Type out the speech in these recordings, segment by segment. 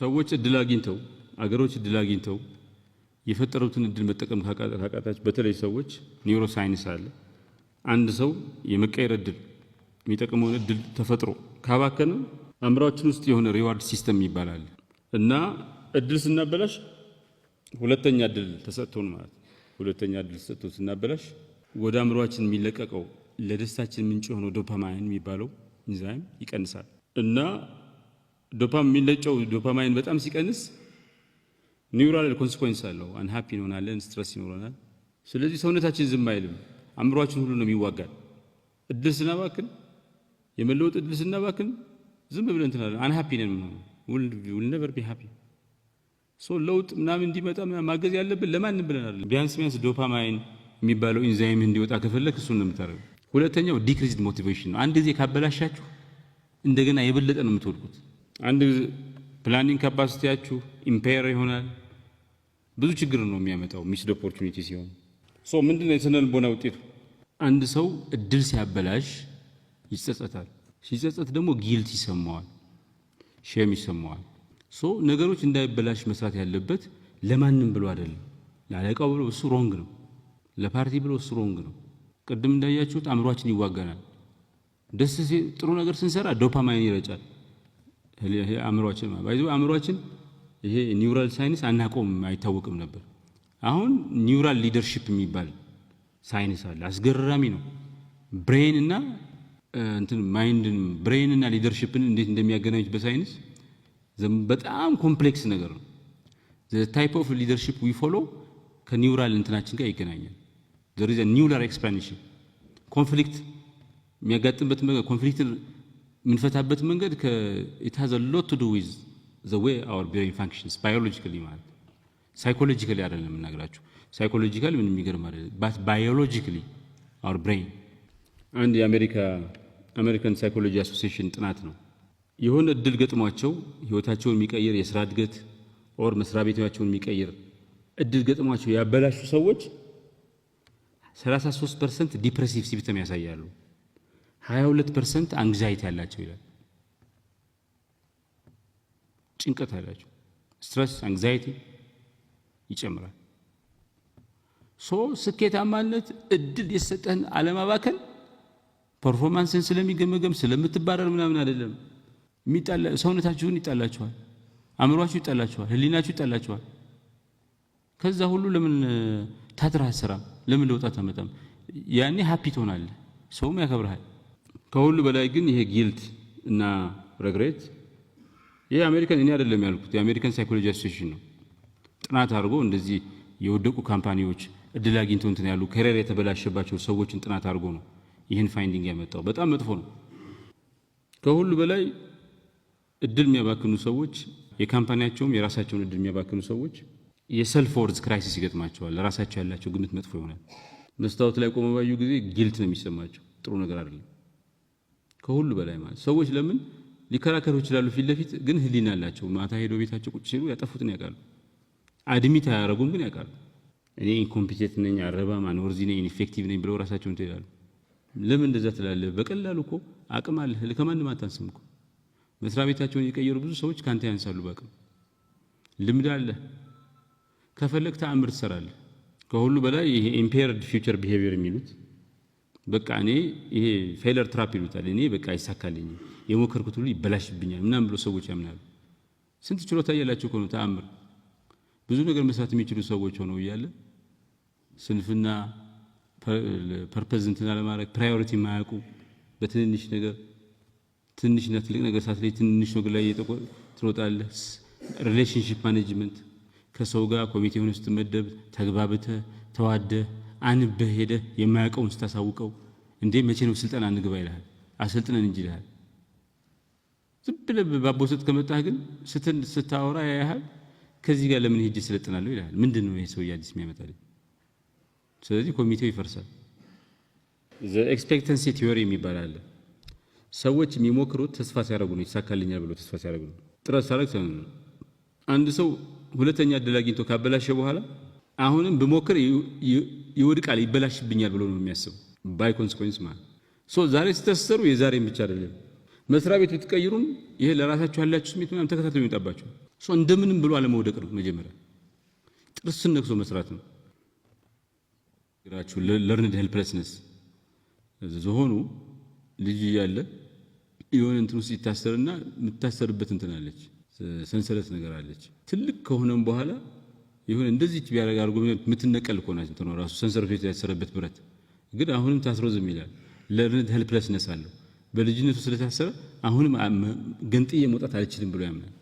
ሰዎች እድል አግኝተው አገሮች እድል አግኝተው የፈጠሩትን እድል መጠቀም ካቃታች በተለይ ሰዎች ኒውሮ ሳይንስ አለ። አንድ ሰው የመቀየር እድል የሚጠቅመውን እድል ተፈጥሮ ካባከነ አእምሯችን ውስጥ የሆነ ሪዋርድ ሲስተም ይባላል እና እድል ስናበላሽ ሁለተኛ እድል ተሰጥቶን ማለት ሁለተኛ እድል ተሰጥቶ ስናበላሽ ወደ አእምሯችን የሚለቀቀው ለደስታችን ምንጭ የሆነው ዶፓማይን የሚባለው ኢንዛይም ይቀንሳል እና ዶፓም የሚለጨው ዶፓማይን በጣም ሲቀንስ ኒውራል ኮንሲኮንስ አለው። አንሃፒ እንሆናለን፣ ስትረስ ይኖረናል። ስለዚህ ሰውነታችን ዝም አይልም፣ አእምሯችን ሁሉ ነው የሚዋጋል። እድል ስናባክን፣ የመለወጥ እድል ስናባክን ዝም ብለን ትናለን አንሃፒ ነን። ምን ዊል ቢሃፒ ሶ ለውጥ ምናምን እንዲመጣ ማገዝ ያለብን ለማንም ብለን አለ ቢያንስ ቢያንስ ዶፓማይን የሚባለው ኢንዛይም እንዲወጣ ከፈለግ እሱ ነው የምታደርገው። ሁለተኛው ዲክሪዝድ ሞቲቬሽን ነው። አንድ ጊዜ ካበላሻችሁ እንደገና የበለጠ ነው የምትወድቁት። አንድ ፕላኒንግ ካፓሲቲያችሁ ኢምፔር ይሆናል። ብዙ ችግር ነው የሚያመጣው ሚስድ ኦፖርቹኒቲ ሲሆን። ሶ ምንድን ነው የስነ ልቦና ውጤቱ? አንድ ሰው እድል ሲያበላሽ ይጸጸታል። ሲጸጸት ደግሞ ጊልት ይሰማዋል፣ ሼም ይሰማዋል። ሶ ነገሮች እንዳይበላሽ መስራት ያለበት ለማንም ብሎ አይደለም። ለአለቃው ብሎ እሱ ሮንግ ነው፣ ለፓርቲ ብሎ እሱ ሮንግ ነው። ቅድም እንዳያችሁት አእምሯችን ይዋጋናል። ደስ ጥሩ ነገር ስንሰራ ዶፓማይን ይረጫል። ይሄ አእምሮአችን ባይዙ አእምሮአችን ይሄ ኒውራል ሳይንስ አናቆም አይታወቅም ነበር። አሁን ኒውራል ሊደርሺፕ የሚባል ሳይንስ አለ። አስገራሚ ነው። ብሬን እና እንትን ማይንድን ብሬን እና ሊደርሺፕን እንዴት እንደሚያገናኙት በሳይንስ በጣም ኮምፕሌክስ ነገር ነው። ታይፕ ኦፍ ሊደርሺፕ ዊ ፎሎ ከኒውራል እንትናችን ጋር ይገናኛል። ኒውራል ኤክስፕላኔሽን ኮንፍሊክት የሚያጋጥምበት ኮንፍሊክትን የምንፈታበት መንገድ ኢት ሃዝ ሎት ዱ ዊዝ ዘ ዌይ አወር ብሬን ፋንክሽንስ ባዮሎጂካሊ ማለት ሳይኮሎጂካሊ አይደለም የምናገራችሁ። ሳይኮሎጂካሊ ምን የሚገርም አይደለም፣ ባት ባዮሎጂካሊ አወር ብሬን። አንድ የአሜሪካ አሜሪካን ሳይኮሎጂ አሶሲዬሽን ጥናት ነው። የሆነ እድል ገጥሟቸው ህይወታቸውን የሚቀይር የስራ እድገት ኦር መስሪያ ቤታቸውን የሚቀይር እድል ገጥሟቸው ያበላሹ ሰዎች 33 ፐርሰንት ዲፕሬሲቭ ሲምፕተም ያሳያሉ። 22 ፐርሰንት አንግዛይቲ ያላቸው ይላል። ጭንቀት አላቸው። ስትረስ አንግዛይቲ ይጨምራል። ሶ ስኬታማነት እድል የሰጠህን አለማባከን ፐርፎርማንስን ስለሚገመገም ስለምትባረር ምናምን አይደለም። ሰውነታችሁን ይጣላችኋል፣ አእምሯችሁ ይጣላችኋል፣ ህሊናችሁ ይጣላችኋል። ከዛ ሁሉ ለምን ታትራ ስራ ለምን ለውጣት አመጣም? ያኔ ሀፒ ትሆናለህ፣ ሰውም ያከብረሃል። ከሁሉ በላይ ግን ይሄ ጊልት እና ረግሬት ይሄ አሜሪካን እኔ አይደለም ያልኩት የአሜሪካን ሳይኮሎጂ አሶሲሽን ነው ጥናት አድርጎ እንደዚህ የወደቁ ካምፓኒዎች እድል አግኝተው እንትን ያሉ ከሬር የተበላሸባቸው ሰዎችን ጥናት አድርጎ ነው ይህን ፋይንዲንግ ያመጣው። በጣም መጥፎ ነው። ከሁሉ በላይ እድል የሚያባክኑ ሰዎች የካምፓኒያቸውም የራሳቸውን እድል የሚያባክኑ ሰዎች የሰልፍ ወርዝ ክራይሲስ ይገጥማቸዋል። ለራሳቸው ያላቸው ግምት መጥፎ ይሆናል። መስታወት ላይ ቆመ ባዩ ጊዜ ጊልት ነው የሚሰማቸው። ጥሩ ነገር አይደለም። ከሁሉ በላይ ማለት ሰዎች ለምን ሊከራከሩ ይችላሉ ፊት ለፊት ግን ህሊና አላቸው። ማታ ሄዶ ቤታቸው ቁጭ ሲሉ ያጠፉትን ያውቃሉ። አድሚት አያረጉም፣ ግን ያውቃሉ። እኔ ኢንኮምፒቴንት ነኝ፣ አረባም፣ አኖርዚ ነኝ፣ ኢንፌክቲቭ ነኝ ብለው ራሳቸውን ትላሉ። ለምን እንደዛ ትላለ በቀላሉ እኮ አቅም አለህ። ከማንም አታንስም እኮ። መስሪያ ቤታቸውን የቀየሩ ብዙ ሰዎች ካንተ ያንሳሉ በአቅም። ልምድ አለ ከፈለግ ተአምር ትሰራለህ። ከሁሉ በላይ ይሄ ኢምፔርድ ፊውቸር ቢሄቪየር የሚሉት በቃ እኔ ይሄ ፌለር ትራፕ ይሉታል። እኔ በቃ ይሳካልኝ የሞከርኩት ሁሉ ይበላሽብኛል ምናምን ብሎ ሰዎች ያምናሉ። ስንት ችሎታ እያላቸው ከሆነ ተአምር ብዙ ነገር መስራት የሚችሉ ሰዎች ሆነው እያለ ስንፍና፣ ፐርፐዝ እንትና ለማድረግ ፕራዮሪቲ ማያውቁ በትንንሽ ነገር ትንሽና ትልቅ ነገር ላይ ትንንሽ ነገር ላይ ትሮጣለህ። ሪሌሽንሽፕ ማኔጅመንት ከሰው ጋር ኮሚቴውን ስትመደብ ተግባብተ ተዋደህ አንበህ ሄደ የማያውቀውን ስታሳውቀው እንዴ መቼ ነው ስልጠና እንግባ ይልሃል። አሰልጥነን እንጂ ይልሃል። ዝም ብለህ ባቦ ሰጥ ከመጣህ ግን ስትን ስታወራ ያያሃል። ከዚህ ጋር ለምን ሄጅ ስለጥናለሁ ይልሃል። ምንድን ነው ይሄ ሰው አዲስ የሚያመጣልኝ? ስለዚህ ኮሚቴው ይፈርሳል። ኤክስፔክተንሲ ቲዮሪ የሚባል አለ። ሰዎች የሚሞክሩት ተስፋ ሲያደርጉ ነው። ይሳካልኛል ብሎ ተስፋ ሲያደርጉ ነው። ጥረት ሳረግ አንድ ሰው ሁለተኛ እድል አግኝቶ ካበላሸ በኋላ አሁንም ብሞክር ይወድቃል፣ ይበላሽብኛል ብሎ ነው የሚያስበው። ባይ ኮንስኮንስ ማለት ሶ ዛሬ ስተሰሩ የዛሬም ብቻ አይደለም መስሪያ ቤት ብትቀይሩም ይሄ ለራሳችሁ ያላችሁ ስሜት ምናምን ተከታትሎ የሚመጣባችሁ ሶ እንደምንም ብሎ አለመውደቅ ነው። መጀመሪያ ጥርስን ነክሶ መስራት ነው። ግራችሁ ለርንድ ሄልፕለስነስ ዝሆኑ ልጅ እያለ የሆነ እንትን ውስጥ ይታሰርና የምታሰርበት እንትን አለች፣ ሰንሰለት ነገር አለች። ትልቅ ከሆነም በኋላ ይሁን እንደዚህ ቢያደርግ አድርጎ የምትነቀል እኮ ናት እንትኖ ራሱ ሰንሰር ፌት ያሰረበት ብረት ግን አሁንም ታስሮ ዝም ይላል። ለርንድ ሄልፕለስነስ አለው። በልጅነቱ ስለታሰረ አሁንም ገንጥዬ መውጣት አልችልም ብሎ ያምናል።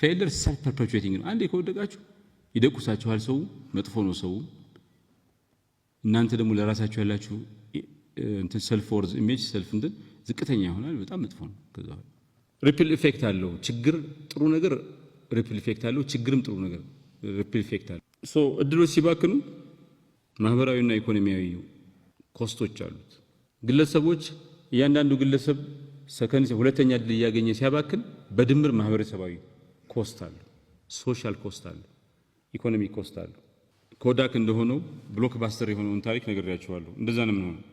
ፌለር ሰልፍ ፐርፔቹዌቲንግ ነው። አንዴ ከወደቃችሁ ይደቁሳችኋል። ሰው መጥፎ ነው ሰው። እናንተ ደግሞ ለራሳችሁ ያላችሁ እንትን ሰልፍ ወርዝ ኢሜጅ ሰልፍ እንትን ዝቅተኛ ይሆናል። በጣም መጥፎ ነው። ከዛ ሪፕል ኢፌክት አለው። ችግር ጥሩ ነገር ሪፕል ኢፌክት አለው። ችግርም ጥሩ ነገር ሶ እድሎች ሲባክኑ ማህበራዊና ኢኮኖሚያዊ ኮስቶች አሉት። ግለሰቦች እያንዳንዱ ግለሰብ ሰከንድ ሁለተኛ እድል እያገኘ ሲያባክን በድምር ማህበረሰባዊ ኮስት አለ ሶሻል ኮስት አለ ኢኮኖሚ ኮስት አለ ኮዳክ እንደሆነው ብሎክ ባስተር የሆነውን ታሪክ ነግሬያችኋለሁ። እንደዛ ነው የምንሆነው።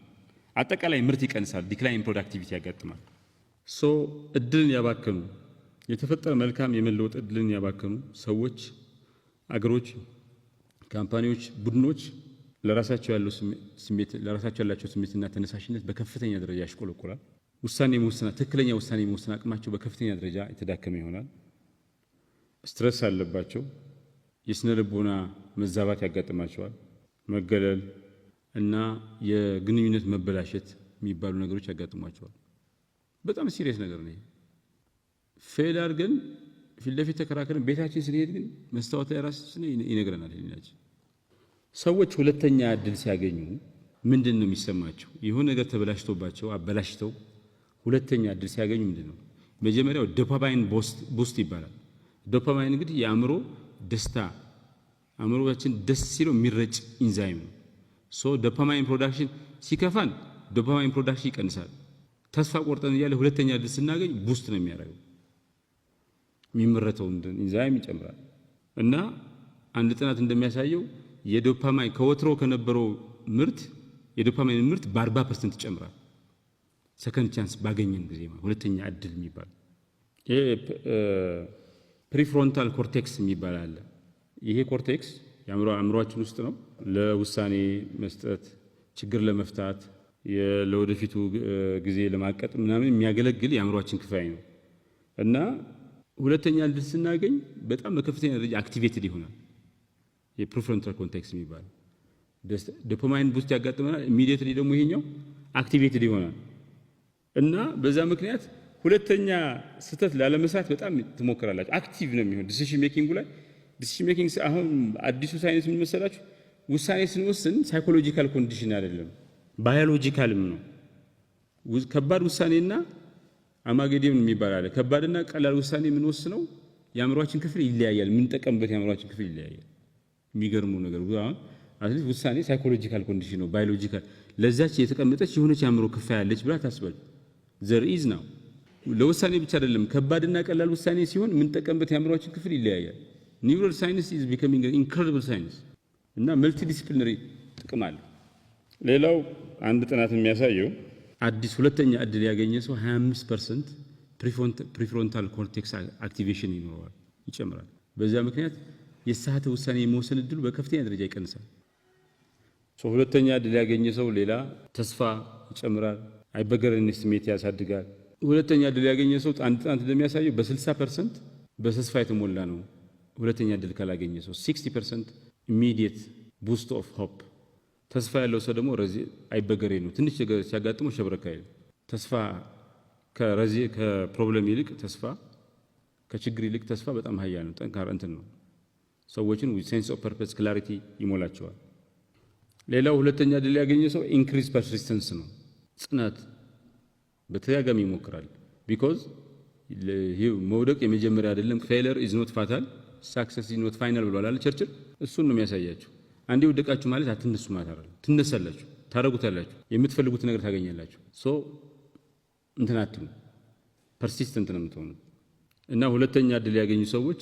አጠቃላይ ምርት ይቀንሳል፣ ዲክላይን ፕሮዳክቲቪቲ ያጋጥማል። ሶ እድልን ያባክኑ የተፈጠረ መልካም የመለወጥ እድልን ያባክኑ ሰዎች አገሮች፣ ካምፓኒዎች፣ ቡድኖች ለራሳቸው ያለው ስሜት ለራሳቸው ያላቸው ስሜትና ተነሳሽነት በከፍተኛ ደረጃ ያሽቆለቆላል። ውሳኔ መወሰና ትክክለኛ ውሳኔ መወሰን አቅማቸው በከፍተኛ ደረጃ የተዳከመ ይሆናል። ስትረስ አለባቸው። የስነ ልቦና መዛባት ያጋጥማቸዋል። መገለል እና የግንኙነት መበላሸት የሚባሉ ነገሮች ያጋጥሟቸዋል። በጣም ሲሪየስ ነገር ነው። ፌል አድርገን ፊት ለፊት ተከራከረን ቤታችን ስንሄድ ግን መስታወት ላይ ራሳችን ይነግረናል ህሊናችን። ሰዎች ሁለተኛ እድል ሲያገኙ ምንድን ነው የሚሰማቸው? የሆነ ነገር ተበላሽቶባቸው አበላሽተው ሁለተኛ እድል ሲያገኙ ምንድን ነው? መጀመሪያው ዶፓማይን ቡስት ይባላል። ዶፓማይን እንግዲህ የአእምሮ ደስታ አእምሮችን ደስ ሲለው የሚረጭ ኢንዛይም ነው። ሶ ዶፓማይን ፕሮዳክሽን ሲከፋን ዶፓማይን ፕሮዳክሽን ይቀንሳል። ተስፋ ቆርጠን እያለ ሁለተኛ እድል ስናገኝ ቡስት ነው የሚያደርገው። የሚመረተው ኢንዛይም ይጨምራል እና አንድ ጥናት እንደሚያሳየው የዶፓማይን ከወትሮ ከነበረው ምርት የዶፓማይን ምርት በ40 ፐርሰንት ይጨምራል። ሰከንድ ቻንስ ባገኘን ጊዜ ሁለተኛ እድል የሚባል ይሄ ፕሪፍሮንታል ኮርቴክስ የሚባል አለ። ይሄ ኮርቴክስ አእምሯችን ውስጥ ነው። ለውሳኔ መስጠት፣ ችግር ለመፍታት፣ ለወደፊቱ ጊዜ ለማቀጥ ምናምን የሚያገለግል የአእምሯችን ክፋይ ነው እና ሁለተኛ ልጅ ስናገኝ በጣም በከፍተኛ ደረጃ አክቲቬትድ ይሆናል። የፕሪፍሮንታል ኮንቴክስት የሚባል ዶፓማይን ቡስት ያጋጥመናል። ኢሚዲየትሊ ደግሞ ይሄኛው አክቲቬትድ ይሆናል እና በዛ ምክንያት ሁለተኛ ስህተት ላለመስራት በጣም ትሞክራላችሁ። አክቲቭ ነው የሚሆን ዲሲሽን ሜኪንጉ ላይ ዲሲሽን ሜኪንግ አሁን አዲሱ ሳይንስ ምን መሰላችሁ? ውሳኔ ስንወስን ሳይኮሎጂካል ኮንዲሽን አይደለም ባዮሎጂካልም ነው። ከባድ ውሳኔና አማገዴምን የሚባል አለ። ከባድና ቀላል ውሳኔ የምንወስነው የአእምሯችን ክፍል ይለያያል። የምንጠቀምበት የአእምሯችን ክፍል ይለያያል። የሚገርሙ ነገር አሁን አትሊስት ውሳኔ ሳይኮሎጂካል ኮንዲሽን ነው፣ ባዮሎጂካል ለዛች የተቀመጠች የሆነች የአእምሮ ክፍል ያለች ብላ ታስባል። ዘር ኢዝ ነው። ለውሳኔ ብቻ አይደለም። ከባድና ቀላል ውሳኔ ሲሆን የምንጠቀምበት የአእምሯችን ክፍል ይለያያል። ኒውሮል ሳይንስ ኢዝ ቢከሚንግ ኢንክሬዲብል ሳይንስ እና መልቲ ዲስፕሊነሪ ጥቅም አለ። ሌላው አንድ ጥናት የሚያሳየው አዲስ ሁለተኛ እድል ያገኘ ሰው 25 ፐርሰንት ፕሪፍሮንታል ኮርቴክስ አክቲቬሽን ይኖረዋል ይጨምራል። በዚያ ምክንያት የሳተ ውሳኔ የመወሰን እድሉ በከፍተኛ ደረጃ ይቀንሳል። ሁለተኛ እድል ያገኘ ሰው ሌላ ተስፋ ይጨምራል። አይበገረኝነት ስሜት ያሳድጋል። ሁለተኛ እድል ያገኘ ሰው አንድ ጥናት እንደሚያሳየው በ60 ፐርሰንት በተስፋ የተሞላ ነው። ሁለተኛ እድል ካላገኘ ሰው 60 ፐርሰንት ኢሚዲየት ቡስት ኦፍ ሆፕ ተስፋ ያለው ሰው ደግሞ ረዚ አይበገሬ ነው። ትንሽ ነገር ሲያጋጥመው ሸብረካ ይል ተስፋ ከረዚ ከፕሮብለም ይልቅ ተስፋ ከችግር ይልቅ ተስፋ በጣም ሀያ ነው። ጠንካራ እንትን ነው። ሰዎችን ሴንስ ኦፍ ፐርፐስ ክላሪቲ ይሞላቸዋል። ሌላው ሁለተኛ ድል ያገኘ ሰው ኢንክሪዝ ፐርሲስተንስ ነው። ጽናት በተደጋጋሚ ይሞክራል። ቢኮዝ መውደቅ የመጀመሪያ አይደለም። ፌለር ኢዝ ኖት ፋታል ሳክሰስ ኢዝ ኖት ፋይናል ብለዋል ቸርችል። እሱን ነው የሚያሳያቸው። አንዴ ወደቃችሁ ማለት አትነሱ ማለት ትነሳላችሁ፣ ታረጉታላችሁ፣ የምትፈልጉት ነገር ታገኛላችሁ። ሶ እንትን ፐርሲስተንት ነው የምትሆኑ እና ሁለተኛ እድል ያገኙ ሰዎች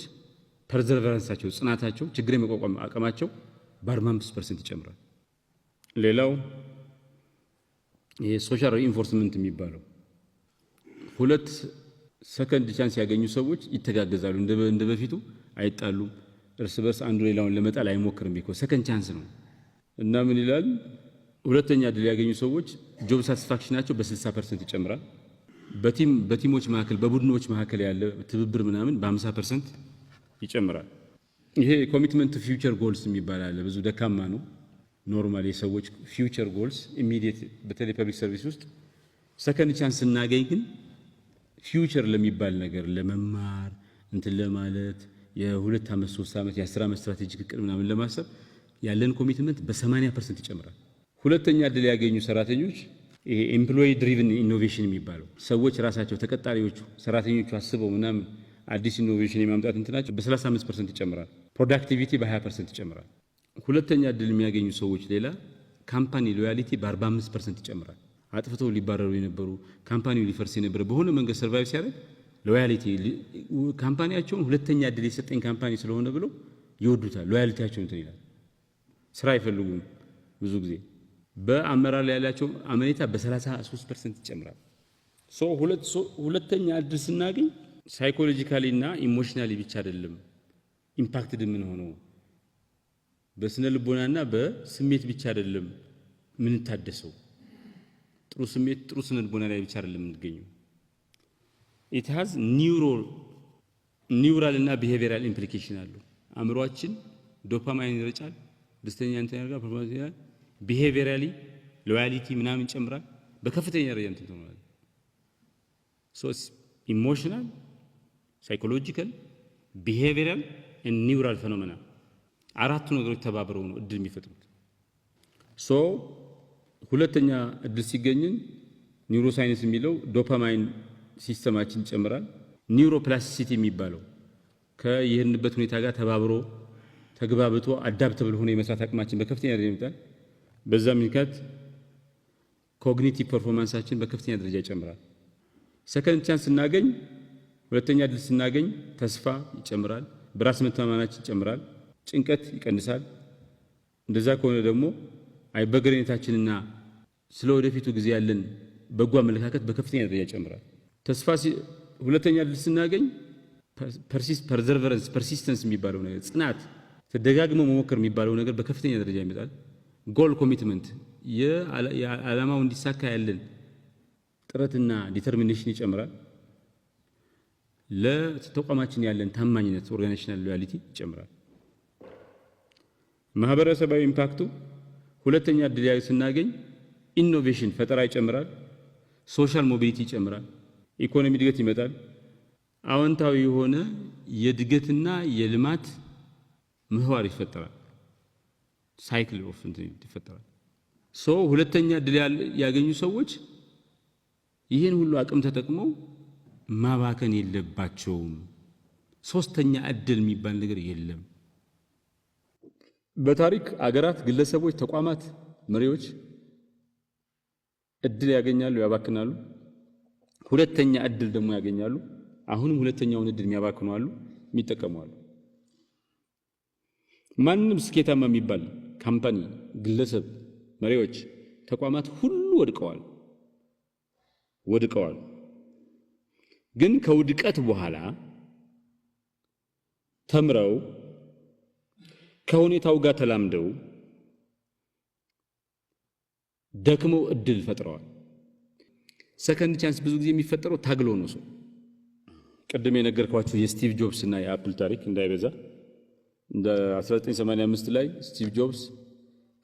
ፐርዘርቨረንሳቸው፣ ጽናታቸው፣ ችግር የመቋቋም አቅማቸው በ45 ፐርሰንት ይጨምራል። ሌላው የሶሻል ሪኢንፎርስመንት የሚባለው ሁለት ሰከንድ ቻንስ ያገኙ ሰዎች ይተጋገዛሉ፣ እንደ በፊቱ አይጣሉም። እርስ በርስ አንዱ ሌላውን ለመጣል አይሞክርም። ቢኮዝ ሰከንድ ቻንስ ነው እና ምን ይላል ሁለተኛ እድል ያገኙ ሰዎች ጆብ ሳቲስፋክሽናቸው በ60 ፐርሰንት ይጨምራል። በቲሞች መካከል በቡድኖች መካከል ያለ ትብብር ምናምን በ50 ፐርሰንት ይጨምራል። ይሄ ኮሚትመንት ቱ ፊውቸር ጎልስ የሚባል አለ። ብዙ ደካማ ነው። ኖርማል የሰዎች ፊውቸር ጎልስ ኢሚዲየት፣ በተለይ ፐብሊክ ሰርቪስ ውስጥ ሰከንድ ቻንስ ስናገኝ ግን ፊውቸር ለሚባል ነገር ለመማር እንትን ለማለት የሁለት ዓመት ሶስት ዓመት የአስር ዓመት ስትራቴጂክ እቅድ ምናምን ለማሰብ ያለን ኮሚትመንት በሰማንያ ፐርሰንት ይጨምራል። ሁለተኛ እድል ያገኙ ሰራተኞች ይሄ ኤምፕሎይ ድሪቭን ኢኖቬሽን የሚባለው ሰዎች ራሳቸው ተቀጣሪዎቹ ሰራተኞቹ አስበው ምናምን አዲስ ኢኖቬሽን የማምጣት እንትናቸው በ35 ፐርሰንት ይጨምራል። ፕሮዳክቲቪቲ በ20 ፐርሰንት ይጨምራል። ሁለተኛ እድል የሚያገኙ ሰዎች ሌላ ካምፓኒ ሎያሊቲ በ45 ፐርሰንት ይጨምራል። አጥፍተው ሊባረሩ የነበሩ ካምፓኒው ሊፈርስ የነበረ በሆነ መንገድ ሰርቫይቭ ሲያደርግ ሎያሊቲ ካምፓኒያቸውን ሁለተኛ እድል የሰጠኝ ካምፓኒ ስለሆነ ብለው ይወዱታል። ሎያሊቲያቸው እንትን ይላል። ስራ አይፈልጉም። ብዙ ጊዜ በአመራር ላይ ያላቸው አመኔታ በ33 ፐርሰንት ይጨምራል። ሁለተኛ እድል ስናገኝ ሳይኮሎጂካሊ እና ኢሞሽናሊ ብቻ አይደለም ኢምፓክትድ የምንሆነው በስነ ልቦናና በስሜት ብቻ አይደለም የምንታደሰው። ጥሩ ስሜት ጥሩ ስነ ልቦና ላይ ብቻ አይደለም የምንገኘው። ኢት ሃዝ ኒውራል እና ቢሄቪራል ኢምፕሊኬሽን አሉ። አእምሯችን ዶፓማይን ይረጫል፣ ደስተኛ እንትን ያደርጋል፣ ፐርፎርማንስ ይላል፣ ቢሄቪራሊ ሎያሊቲ ምናምን ይጨምራል። በከፍተኛ ደረጃ እንትን ትሆናል። ሶ ኢሞሽናል፣ ሳይኮሎጂካል፣ ቢሄቪራል ኤንድ ኒውራል ፌኖሜና አራቱ ነገሮች ተባብረው ነው እድል የሚፈጥሩት። ሶ ሁለተኛ እድል ሲገኝን ኒውሮሳይንስ የሚለው ዶፓማይን ሲስተማችን ይጨምራል። ኒውሮፕላስቲሲቲ የሚባለው ከይህንበት ሁኔታ ጋር ተባብሮ ተግባብቶ አዳፕተብል ሆነ የመስራት አቅማችን በከፍተኛ ደረጃ ይመጣል። በዛም ምክንያት ኮግኒቲቭ ፐርፎርማንሳችን በከፍተኛ ደረጃ ይጨምራል። ሰከንድ ቻንስ ስናገኝ፣ ሁለተኛ እድል ስናገኝ ተስፋ ይጨምራል፣ በራስ መተማመናችን ይጨምራል፣ ጭንቀት ይቀንሳል። እንደዛ ከሆነ ደግሞ አይበገሬነታችንና ስለ ወደፊቱ ጊዜ ያለን በጎ አመለካከት በከፍተኛ ደረጃ ይጨምራል። ተስፋ ሁለተኛ ድል ስናገኝ ፐርዘርቨረንስ ፐርሲስተንስ የሚባለው ነገር ጽናት፣ ተደጋግሞ መሞከር የሚባለው ነገር በከፍተኛ ደረጃ ይመጣል። ጎል ኮሚትመንት፣ የዓላማው እንዲሳካ ያለን ጥረትና ዲተርሚኔሽን ይጨምራል። ለተቋማችን ያለን ታማኝነት ኦርጋናይዜሽናል ሎያሊቲ ይጨምራል። ማህበረሰባዊ ኢምፓክቱ ሁለተኛ ድል ስናገኝ ኢኖቬሽን ፈጠራ ይጨምራል። ሶሻል ሞቢሊቲ ይጨምራል። ኢኮኖሚ እድገት ይመጣል። አዎንታዊ የሆነ የእድገትና የልማት ምህዋር ይፈጠራል። ሳይክል ኦፍ እንትን ይፈጠራል። ሶ ሁለተኛ እድል ያገኙ ሰዎች ይህን ሁሉ አቅም ተጠቅመው ማባከን የለባቸውም። ሶስተኛ እድል የሚባል ነገር የለም። በታሪክ አገራት፣ ግለሰቦች፣ ተቋማት፣ መሪዎች እድል ያገኛሉ፣ ያባክናሉ። ሁለተኛ እድል ደግሞ ያገኛሉ። አሁንም ሁለተኛውን እድል የሚያባክኑ አሉ፣ የሚጠቀሙ አሉ። ማንም ስኬታማ የሚባል ካምፓኒ፣ ግለሰብ፣ መሪዎች፣ ተቋማት ሁሉ ወድቀዋል ወድቀዋል። ግን ከውድቀት በኋላ ተምረው ከሁኔታው ጋር ተላምደው ደክመው እድል ፈጥረዋል። ሰከንድ ቻንስ ብዙ ጊዜ የሚፈጠረው ታግሎ ነው ሰው። ቅድም የነገርኳቸው የስቲቭ ጆብስ እና የአፕል ታሪክ እንዳይበዛ እንደ 1985 ላይ ስቲቭ ጆብስ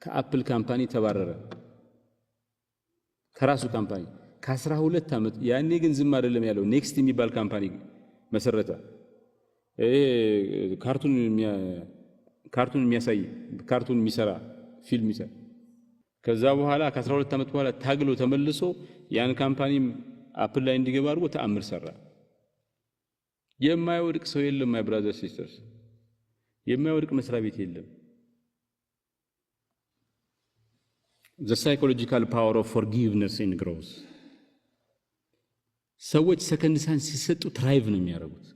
ከአፕል ካምፓኒ ተባረረ። ከራሱ ካምፓኒ ከ12 ዓመት ያኔ ግን ዝም አይደለም ያለው። ኔክስት የሚባል ካምፓኒ መሰረተ። ካርቱን የሚያሳይ ካርቱን የሚሰራ ፊልም ይሰራ ከዛ በኋላ ከ12 ዓመት በኋላ ታግሎ ተመልሶ ያን ካምፓኒም አፕል ላይ እንዲገባ አድርጎ ተአምር ሰራ። የማይወድቅ ሰው የለም። ማይ ብራዘር ሲስተርስ፣ የማይወድቅ መስሪያ ቤት የለም። ዘ ሳይኮሎጂካል ፓወር ኦፍ ፎርጊቭነስ ኢን ግሮዝ። ሰዎች ሰከንድ ሳን ሲሰጡ ትራይቭ ነው የሚያደርጉት፣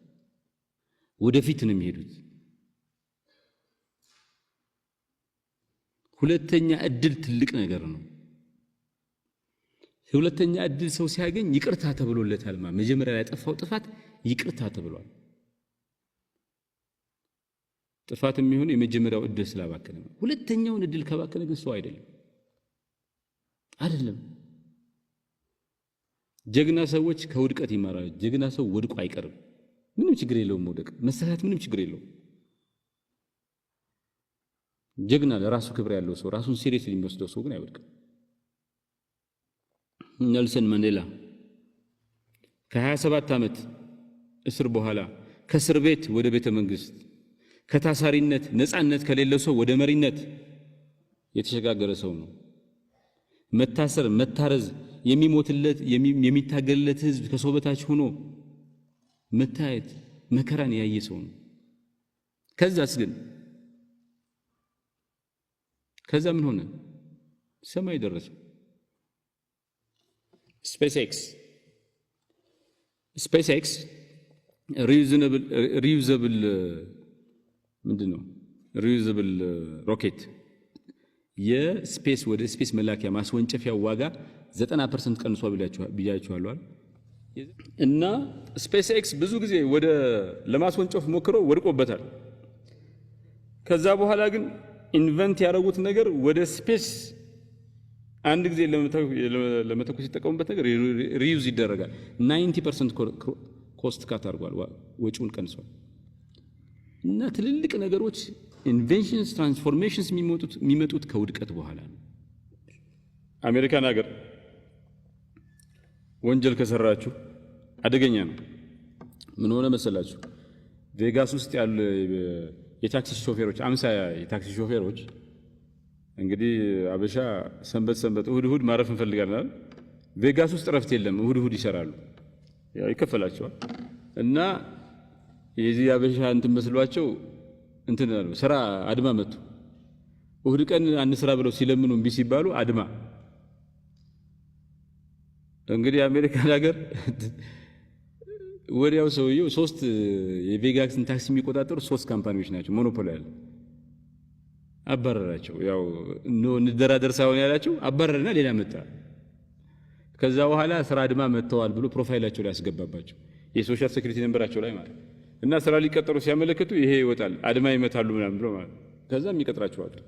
ወደፊት ነው የሚሄዱት። ሁለተኛ እድል ትልቅ ነገር ነው። ሁለተኛ እድል ሰው ሲያገኝ ይቅርታ ተብሎለታል። ማ መጀመሪያ ላይ ያጠፋው ጥፋት ይቅርታ ተብሏል። ጥፋት የሚሆነው የመጀመሪያው እድል ስላባከነ ነው። ሁለተኛውን እድል ከባከነ ግን ሰው አይደለም አይደለም። ጀግና ሰዎች ከውድቀት ይማራሉ። ጀግና ሰው ወድቆ አይቀርም። ምንም ችግር የለውም መውደቅ፣ መሳሳት ምንም ችግር የለውም። ጀግና ለራሱ ክብር ያለው ሰው ራሱን ሲሪየስሊ የሚወስደው ሰው ግን አይወድቅም። ኔልሰን ማንዴላ ከ27 ዓመት እስር በኋላ ከእስር ቤት ወደ ቤተ መንግስት፣ ከታሳሪነት ነፃነት ከሌለው ሰው ወደ መሪነት የተሸጋገረ ሰው ነው። መታሰር፣ መታረዝ፣ የሚሞትለት የሚታገልለት ህዝብ ከሰው በታች ሆኖ መታየት መከራን ያየ ሰው ነው። ከዛስ ግን ከዛ ምን ሆነ? ሰማይ ደረሰ። ስፔስ ኤክስ ስፔስ ኤክስ ሪዩዘብል ምንድን ነው? ሪዩዘብል ሮኬት የስፔስ ወደ ስፔስ መላኪያ ማስወንጨፊያ ዋጋ 90 ፐርሰንት ቀንሷ ብያችኋለዋል። እና ስፔስ ኤክስ ብዙ ጊዜ ወደ ለማስወንጨፍ ሞክሮ ወድቆበታል። ከዛ በኋላ ግን ኢንቨንት ያደረጉት ነገር ወደ ስፔስ አንድ ጊዜ ለመተኮስ ሲጠቀሙበት ነገር ሪዩዝ ይደረጋል። 90 ፐርሰንት ኮስት ካት አድርጓል፣ ወጪውን ቀንሷል። እና ትልልቅ ነገሮች ኢንቨንሽንስ ትራንስፎርሜሽንስ የሚመጡት ከውድቀት በኋላ ነው። አሜሪካን ሀገር ወንጀል ከሰራችሁ አደገኛ ነው። ምን ሆነ መሰላችሁ ቬጋስ ውስጥ ያለ የታክሲ ሾፌሮች አምሳ የታክሲ ሾፌሮች እንግዲህ አበሻ ሰንበት ሰንበት እሁድ እሁድ ማረፍ እንፈልጋለን። ቬጋስ ውስጥ እረፍት የለም። እሁድ እሁድ ይሰራሉ፣ ያው ይከፈላቸዋል። እና የዚህ አበሻ እንትን መስሏቸው እንትን አሉ፣ ስራ አድማ መጡ። እሁድ ቀን አንስራ ብለው ሲለምኑ እምቢ ሲባሉ አድማ እንግዲህ አሜሪካን ሀገር ወዲያው ሰውየው ሶስት የቬጋክስን ታክሲ የሚቆጣጠሩ ሶስት ካምፓኒዎች ናቸው ሞኖፖሊ ያለ አባረራቸው። ያው እንደራደር ሳይሆን ያላቸው አባረርና ሌላ መጣ። ከዛ በኋላ ስራ አድማ መጥተዋል ብሎ ፕሮፋይላቸው ላይ ያስገባባቸው የሶሻል ሴኩሪቲ ነንበራቸው ላይ ማለት እና ስራ ሊቀጠሩ ሲያመለክቱ ይሄ ይወጣል አድማ ይመታሉ ምናምን ብሎ ማለት የሚቀጥራቸው ይቀጥራቸዋል።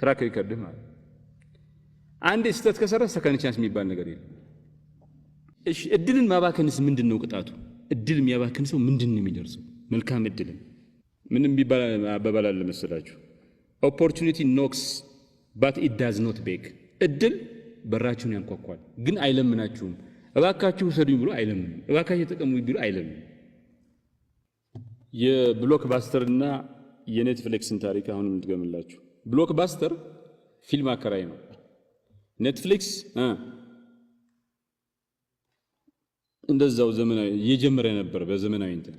ክራክ ይከብድህ ማለት አንድ ስህተት ከሰራ ሰከንድ ቻንስ የሚባል ነገር የለም። እድልን ማባከንስ ምንድን ነው ቅጣቱ? እድል የሚያባክን ሰው ምንድን ነው የሚደርሰው? መልካም እድልን ምንም ቢባል አባባል አለ መሰላችሁ፣ ኦፖርቹኒቲ ኖክስ ባት ኢት ዳዝ ኖት ቤክ። እድል በራችሁን ያንኳኳል፣ ግን አይለምናችሁም። እባካችሁ ውሰዱኝ ብሎ አይለምንም። እባካችሁ ተጠቀሙኝ ብሎ አይለምንም። የብሎክ ባስተርና የኔትፍሊክስን ታሪክ አሁን የምትገምላችሁ ብሎክ ባስተር ፊልም አከራይ ነው። ኔትፍሊክስ እንደዛው ዘመናዊ እየጀመረ ነበር በዘመናዊ እንትን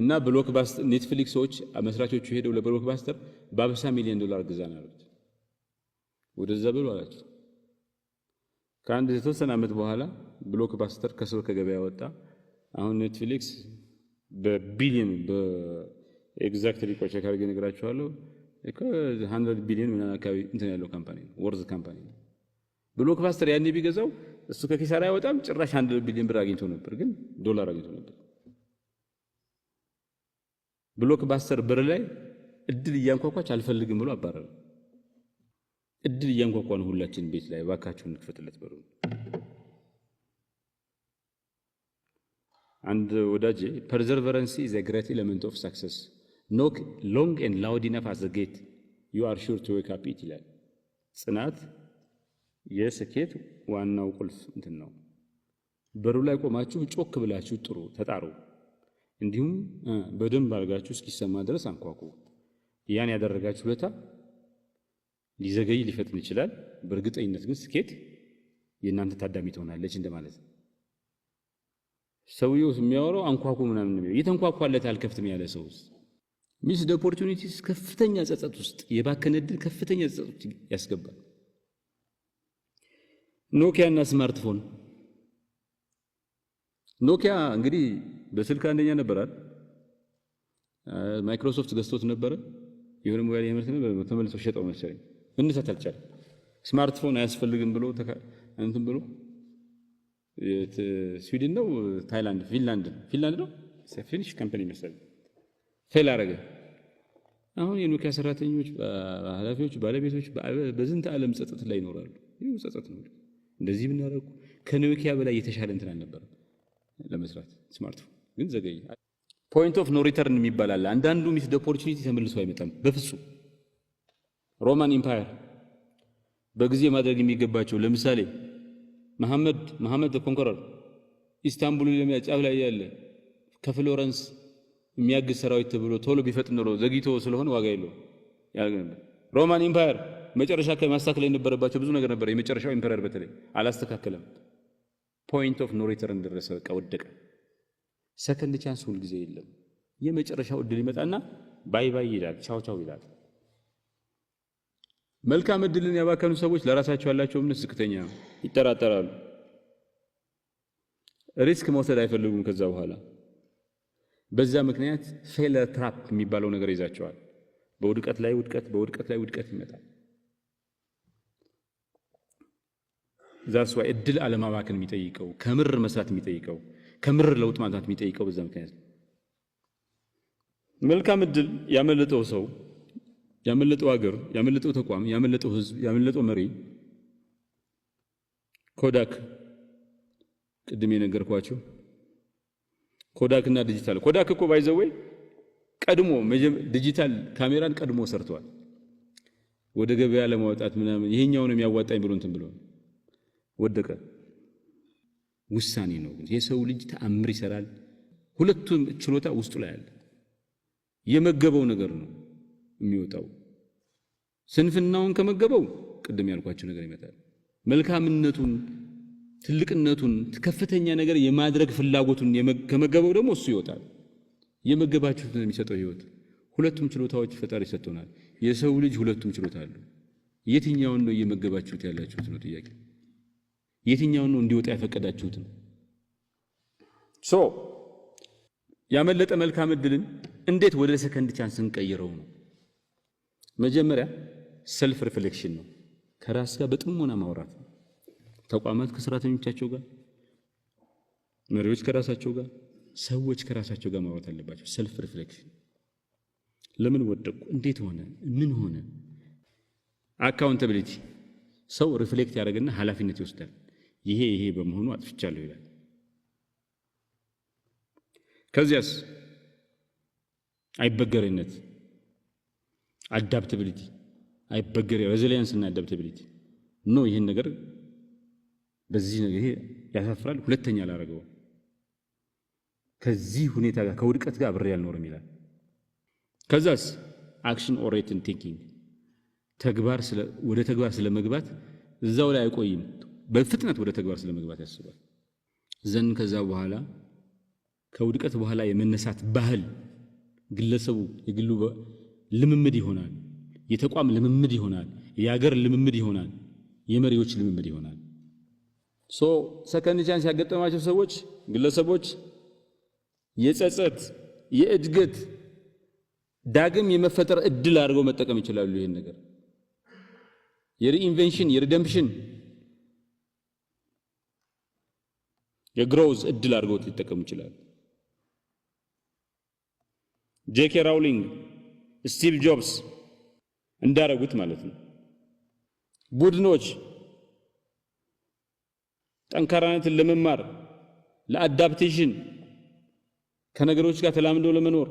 እና ብሎክ ባስተር ኔትፍሊክሶች መስራቾቹ ሄደው ለብሎክባስተር በ50 ሚሊዮን ዶላር ግዛን አሉት። ወደዛ ብሎ አላቸው። ከአንድ የተወሰነ ዓመት በኋላ ብሎክባስተር ባስተር ከስር ከገበያ ወጣ። አሁን ኔትፍሊክስ በቢሊዮን በኤግዛክት ሪቆች አካባቢ ነግራችኋለሁ። ሀንድረድ ቢሊዮን ምናምን አካባቢ እንትን ያለው ካምፓኒ ነው፣ ወርዝ ካምፓኒ ነው። ብሎክ ባስተር ያኔ ቢገዛው እሱ ከኪሳራ አይወጣም። ጭራሽ አንድ ቢሊዮን ብር አግኝቶ ነበር፣ ግን ዶላር አግኝቶ ነበር። ብሎክ ባስተር በር ላይ እድል እያንኳኳች አልፈልግም ብሎ አባረረ። እድል እያንኳኳ ነው ሁላችን ቤት ላይ እባካችሁን እንክፈትለት በሩ። አንድ ወዳጄ ፐርዘርቨረንሲ ኢዝ ግሬት ኤሌመንት ኦፍ ሳክሰስ ኖክ ሎንግ ኤንድ ላውድ ኢነፍ አዘ ጌት ዩ አር ሹር ቱ ዌክ አፕ ኢት ይላል ጽናት የስኬት ዋናው ቁልፍ እንትን ነው። በሩ ላይ ቆማችሁ ጮክ ብላችሁ ጥሩ ተጣሩ። እንዲሁም በደንብ አድርጋችሁ እስኪሰማ ድረስ አንኳኩ። ያን ያደረጋችሁ ለታ ሊዘገይ ሊፈጥን ይችላል። በእርግጠኝነት ግን ስኬት የእናንተ ታዳሚ ትሆናለች እንደማለት ነው። ሰውየው የሚያወራው አንኳኩ ምናምን ነው። የተንኳኳለት አልከፍትም ያለ ሰው ሚስ ኦፖርቹኒቲስ ከፍተኛ ጸጸት ውስጥ የባከነ ዕድል ከፍተኛ ጸጸት ያስገባል። ኖኪያ እና ስማርትፎን ኖኪያ እንግዲህ በስልክ አንደኛ ነበራል። ማይክሮሶፍት ገዝቶት ነበረ። የሆነ ሞባይል የምርት ነበር ተመልሶ ሸጠው መሰለኝ። እንሳት አልቻለም። ስማርትፎን አያስፈልግም ብሎ እንትን ብሎ ስዊድን ነው ታይላንድ፣ ፊንላንድ ፊንላንድ ነው ፊኒሽ ካምፓኒ መሰለኝ ፌል አረገ። አሁን የኖኪያ ሰራተኞች፣ ኃላፊዎች፣ ባለቤቶች በዝንተ ዓለም ጸጥት ላይ ይኖራሉ። ይህ ጸጥት ነው። እንደዚህ ብናደረጉ ከኖኪያ በላይ የተሻለ እንትን አልነበረም ለመስራት ስማርትፎን ግን ዘገየ። ፖይንት ኦፍ ኖሪተርን የሚባላለ አንዳንዱ ሚስ ኦፖርቹኒቲ ተመልሶ አይመጣም በፍጹም። ሮማን ኢምፓየር በጊዜ ማድረግ የሚገባቸው ለምሳሌ መሐመድ መሐመድ ኮንኮረር ኢስታንቡል ለሚያ ጫፍ ላይ ያለ ከፍሎረንስ የሚያግዝ ሰራዊት ተብሎ ቶሎ ቢፈጥ ኖሮ ዘግይቶ ስለሆነ ዋጋ የለው ሮማን ኢምፓየር መጨረሻ ከማስተካከል የነበረባቸው ብዙ ነገር ነበር። የመጨረሻው ኢምፐረር በተለይ አላስተካከለም። ፖይንት ኦፍ ኖ ሪተርን ደረሰ። በቃ ወደቀ። ሰከንድ ቻንስ ሁል ጊዜ የለም። የመጨረሻው እድል ይመጣና ባይ ባይ ይላል፣ ቻው ቻው ይላል። መልካም እድልን ያባከኑ ሰዎች ለራሳቸው ያላቸው እምነት ዝቅተኛ ነው። ይጠራጠራሉ። ሪስክ መውሰድ አይፈልጉም። ከዛ በኋላ በዛ ምክንያት ፌለር ትራፕ የሚባለው ነገር ይዛቸዋል። በውድቀት ላይ ውድቀት፣ በውድቀት ላይ ውድቀት ይመጣል። ዛስ ዋይ እድል አለማባከን የሚጠይቀው ከምር መስራት የሚጠይቀው ከምር ለውጥ ማምጣት የሚጠይቀው በዛ ምክንያት መልካም እድል ያመለጠው ሰው ያመለጠው አገር ያመለጠው ተቋም ያመለጠው ህዝብ ያመለጠው መሪ ኮዳክ ቅድም የነገርኳቸው ኮዳክ እና ዲጂታል ኮዳክ እኮ ባይዘወይ ቀድሞ ዲጂታል ካሜራን ቀድሞ ሰርተዋል። ወደ ገበያ ለማውጣት ምናምን ይሄኛው ነው የሚያዋጣኝ ብሎ እንትን ብሎ ወደቀ። ውሳኔ ነው። የሰው ልጅ ተአምር ይሰራል። ሁለቱም ችሎታ ውስጡ ላይ አለ። የመገበው ነገር ነው የሚወጣው። ስንፍናውን ከመገበው ቅድም ያልኳቸው ነገር ይመጣል። መልካምነቱን፣ ትልቅነቱን፣ ከፍተኛ ነገር የማድረግ ፍላጎቱን ከመገበው ደግሞ እሱ ይወጣል። የመገባችሁት ነው የሚሰጠው ህይወት። ሁለቱም ችሎታዎች ፈጣሪ ሰጥቶናል። የሰው ልጅ ሁለቱም ችሎታ አሉ። የትኛውን ነው እየመገባችሁት ያላችሁት ነው ጥያቄ። የትኛውን ነው እንዲወጣ ያፈቀዳችሁትን? ሶ ያመለጠ መልካም እድልን እንዴት ወደ ሰከንድ ቻንስ እንቀይረው ነው። መጀመሪያ ሰልፍ ሪፍሌክሽን ነው፣ ከራስ ጋር በጥሞና ማውራት ነው። ተቋማት ከሰራተኞቻቸው ጋር፣ መሪዎች ከራሳቸው ጋር፣ ሰዎች ከራሳቸው ጋር ማውራት አለባቸው። ሰልፍ ሪፍሌክሽን ለምን ወደቁ? እንዴት ሆነ? ምን ሆነ? አካውንታብሊቲ ሰው ሪፍሌክት ያደርግና ኃላፊነት ይወስዳል። ይሄ ይሄ በመሆኑ አጥፍቻለሁ ይላል። ከዚያስ አይበገሬነት፣ አዳፕትብሊቲ፣ አይበገሬ ሬዚሊየንስ እና አዳፕትብሊቲ ኖ ይህን ነገር በዚህ ነገር ይሄ ያሳፍራል፣ ሁለተኛ አላረገውም፣ ከዚህ ሁኔታ ጋር ከውድቀት ጋር አብሬ አልኖርም ይላል። ከዛስ አክሽን ኦሬትን ቲንኪንግ ተግባር ወደ ተግባር ስለመግባት እዛው ላይ አይቆይም። በፍጥነት ወደ ተግባር ስለመግባት ያስባል። ዘን ከዛ በኋላ ከውድቀት በኋላ የመነሳት ባህል ግለሰቡ የግሉ ልምምድ ይሆናል። የተቋም ልምምድ ይሆናል። የአገር ልምምድ ይሆናል። የመሪዎች ልምምድ ይሆናል። ሶ ሰከንድ ቻንስ ያገጠማቸው ሰዎች ግለሰቦች የጸጸት የእድገት ዳግም የመፈጠር እድል አድርገው መጠቀም ይችላሉ። ይህን ነገር የሪኢንቬንሽን የሪደምፕሽን የግሮዝ እድል አድርገውት ሊጠቀሙ ይችላሉ። ጄኬ ራውሊንግ፣ ስቲቭ ጆብስ እንዳረጉት ማለት ነው። ቡድኖች ጠንካራነትን ለመማር ለአዳፕቴሽን ከነገሮች ጋር ተላምደው ለመኖር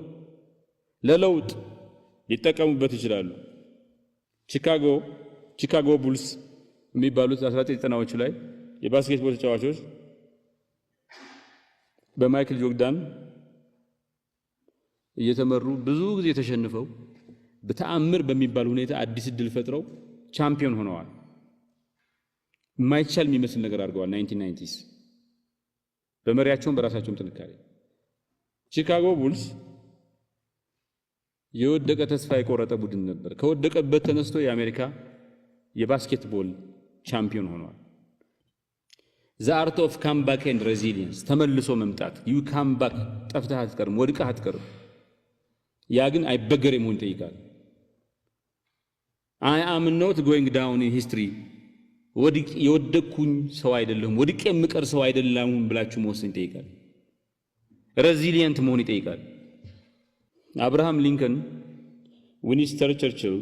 ለለውጥ ሊጠቀሙበት ይችላሉ። ቺካጎ ቺካጎ ቡልስ የሚባሉት 1990ዎቹ ላይ የባስኬትቦል ተጫዋቾች በማይክል ጆርዳን እየተመሩ ብዙ ጊዜ ተሸንፈው በተአምር በሚባል ሁኔታ አዲስ እድል ፈጥረው ቻምፒዮን ሆነዋል። የማይቻል የሚመስል ነገር አድርገዋል። 1990ስ በመሪያቸውም በራሳቸውም ጥንካሬ ቺካጎ ቡልስ የወደቀ ተስፋ የቆረጠ ቡድን ነበር። ከወደቀበት ተነስቶ የአሜሪካ የባስኬትቦል ቻምፒዮን ሆነዋል። ዘ አርት ኦፍ ካምባክ ኤንድ ሬዚሊየንስ ተመልሶ መምጣት። ዩ ካምባክ ጠፍተህ አትቀርም፣ ወድቀህ አትቀርም። ያ ግን አይበገር መሆን ይጠይቃል። አይ አም ኖት ጎይንግ ዳውን ኢን ሂስትሪ ወድቅ ሰው አይደለሁም፣ ወድቅ የምቀር ሰው አይደለም ብላችሁ መወሰን ይጠይቃል። ሬዚሊየንት መሆን ይጠይቃል። አብርሃም ሊንከን፣ ዊንስተር ቸርችል።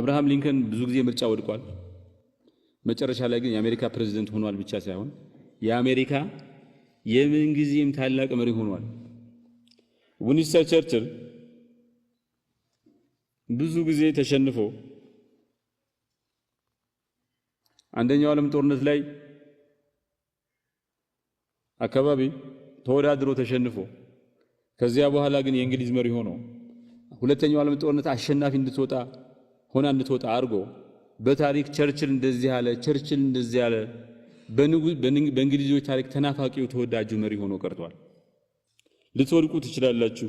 አብርሃም ሊንከን ብዙ ጊዜ ምርጫ ወድቋል። መጨረሻ ላይ ግን የአሜሪካ ፕሬዝደንት ሆኗል ብቻ ሳይሆን የአሜሪካ የምንጊዜም ታላቅ መሪ ሆኗል። ዊንስተን ቸርችል ብዙ ጊዜ ተሸንፎ አንደኛው ዓለም ጦርነት ላይ አካባቢ ተወዳድሮ ተሸንፎ ከዚያ በኋላ ግን የእንግሊዝ መሪ ሆኖ ሁለተኛው ዓለም ጦርነት አሸናፊ እንድትወጣ ሆና እንድትወጣ አድርጎ በታሪክ ቸርችል እንደዚህ ያለ ቸርችል እንደዚህ ያለ በእንግሊዞች ታሪክ ተናፋቂው ተወዳጁ መሪ ሆኖ ቀርቷል። ልትወድቁ ትችላላችሁ።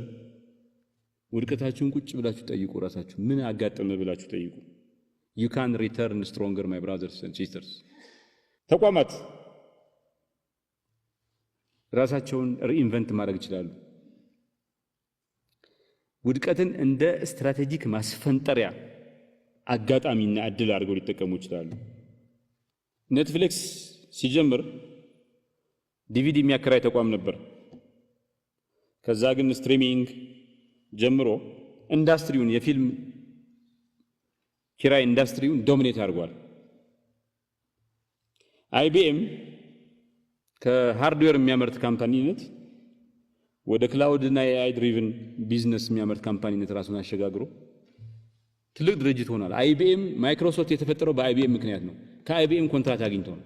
ውድቀታችሁን ቁጭ ብላችሁ ጠይቁ። ራሳችሁ ምን አጋጠመ ብላችሁ ጠይቁ። ዩ ካን ሪተርን ስትሮንገር ማይ ብራዘርስ ኤንድ ሲስተርስ። ተቋማት ራሳቸውን ሪኢንቨንት ማድረግ ይችላሉ። ውድቀትን እንደ ስትራቴጂክ ማስፈንጠሪያ አጋጣሚና እድል አድርገው ሊጠቀሙ ይችላሉ። ኔትፍሊክስ ሲጀምር ዲቪዲ የሚያከራይ ተቋም ነበር። ከዛ ግን ስትሪሚንግ ጀምሮ ኢንዳስትሪውን የፊልም ኪራይ ኢንዳስትሪውን ዶሚኔት አድርጓል። አይቢኤም ከሃርድዌር የሚያመርት ካምፓኒነት ወደ ክላውድ እና ኤአይ ድሪቭን ቢዝነስ የሚያመርት ካምፓኒነት ራሱን አሸጋግሮ ትልቅ ድርጅት ሆኗል። አይቢኤም ማይክሮሶፍት የተፈጠረው በአይቢኤም ምክንያት ነው። ከአይቢኤም ኮንትራት አግኝቶ ነው።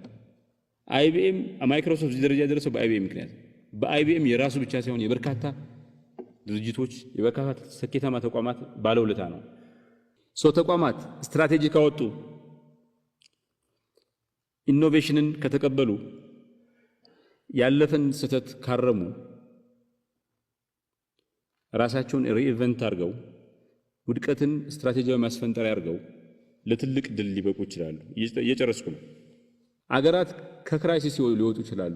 አይቢኤም ማይክሮሶፍት እዚህ ደረጃ የደረሰው በአይቢኤም ምክንያት ነው። በአይቢኤም የራሱ ብቻ ሳይሆን የበርካታ ድርጅቶች የበርካታ ስኬታማ ተቋማት ባለውለታ ነው። ሶ ተቋማት ስትራቴጂ ካወጡ ኢኖቬሽንን ከተቀበሉ ያለፈን ስህተት ካረሙ ራሳቸውን ሪኢቨንት አድርገው ውድቀትን ስትራቴጂያዊ ማስፈንጠሪያ አድርገው ለትልቅ ድል ሊበቁ ይችላሉ። እየጨረስኩ ነው። አገራት ከክራይሲስ ሊወጡ ይችላሉ።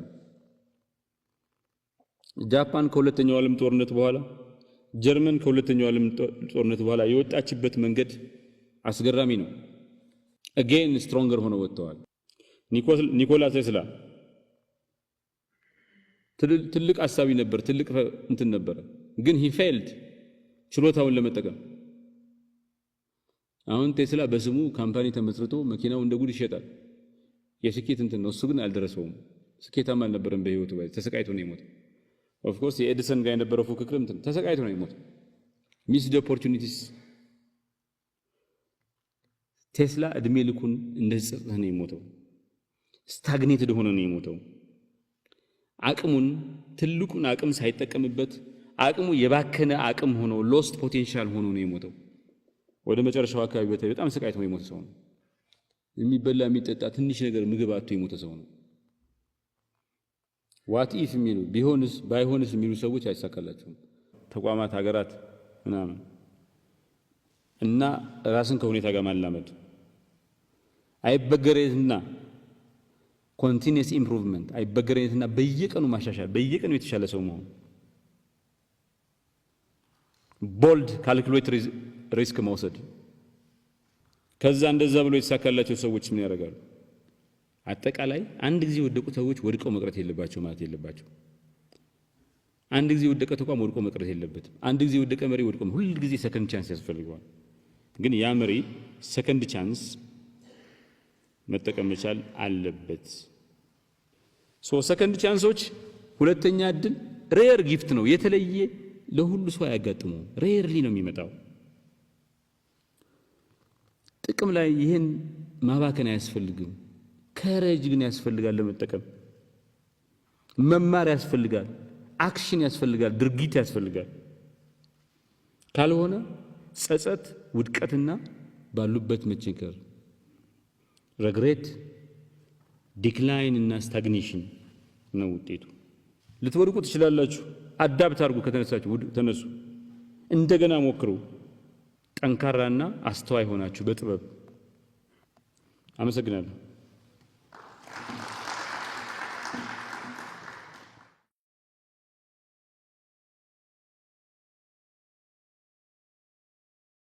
ጃፓን ከሁለተኛው ዓለም ጦርነት በኋላ ጀርመን ከሁለተኛው ዓለም ጦርነት በኋላ የወጣችበት መንገድ አስገራሚ ነው። አጌን ስትሮንገር ሆነው ወጥተዋል። ኒኮላ ቴስላ ትልቅ አሳቢ ነበር፣ ትልቅ እንትን ነበረ፣ ግን ሂ ፌልድ ችሎታውን ለመጠቀም አሁን ቴስላ በስሙ ካምፓኒ ተመስርቶ መኪናው እንደ ጉድ ይሸጣል። የስኬት እንትን ነው። እሱ ግን አልደረሰውም። ስኬታማ አልነበረም በህይወቱ ላይ ተሰቃይቶ ነው የሞተው። ኦፍ ኮርስ የኤዲሰን ጋር የነበረው ፉክክር እንትን ተሰቃይቶ ነው የሞተው። ሚስድ ኦፖርቹኒቲስ ቴስላ እድሜ ልኩን እንደ ጽጥህ ነው የሞተው። ስታግኔትድ ሆነ ነው የሞተው። አቅሙን ትልቁን አቅም ሳይጠቀምበት አቅሙ የባከነ አቅም ሆኖ ሎስት ፖቴንሻል ሆኖ ነው የሞተው። ወደ መጨረሻው አካባቢ በተለይ በጣም ስቃይቶ የሞተ ሰው ነው። የሚበላ የሚጠጣ ትንሽ ነገር ምግብ አጥቶ የሞተ ሰው ነው። ዋት ኢፍ የሚሉ ቢሆንስ ባይሆንስ የሚሉ ሰዎች አይሳካላቸውም። ተቋማት፣ ሀገራት ምናምን እና ራስን ከሁኔታ ጋር ማላመድ አይበገሬትና ኮንቲኒየስ ኢምፕሩቭመንት አይበገሬነትና በየቀኑ ማሻሻል በየቀኑ የተሻለ ሰው መሆን ቦልድ ካልኩሌት ሪስክ መውሰድ። ከዛ እንደዛ ብሎ የተሳካላቸው ሰዎች ምን ያደርጋሉ? አጠቃላይ አንድ ጊዜ የወደቁ ሰዎች ወድቀው መቅረት የለባቸው ማለት የለባቸው። አንድ ጊዜ የወደቀ ተቋም ወድቆ መቅረት የለበትም። አንድ ጊዜ የወደቀ መሪ ወድቆ፣ ሁል ጊዜ ሰከንድ ቻንስ ያስፈልገዋል። ግን ያ መሪ ሰከንድ ቻንስ መጠቀም መቻል አለበት። ሶ ሰከንድ ቻንሶች ሁለተኛ እድል ሬየር ጊፍት ነው። የተለየ ለሁሉ ሰው አያጋጥመው፣ ሬርሊ ነው የሚመጣው። ጥቅም ላይ ይህን ማባከን አያስፈልግም። ከረጅ ግን ያስፈልጋል። ለመጠቀም መማር ያስፈልጋል። አክሽን ያስፈልጋል። ድርጊት ያስፈልጋል። ካልሆነ ጸጸት፣ ውድቀትና ባሉበት መቸንከር ረግሬት፣ ዲክላይን እና ስታግኔሽን ነው ውጤቱ። ልትወድቁ ትችላላችሁ። አዳብት አድርጉ። ከተነሳችሁ ተነሱ፣ እንደገና ሞክሩ። ጠንካራና አስተዋይ ሆናችሁ በጥበብ አመሰግናለሁ።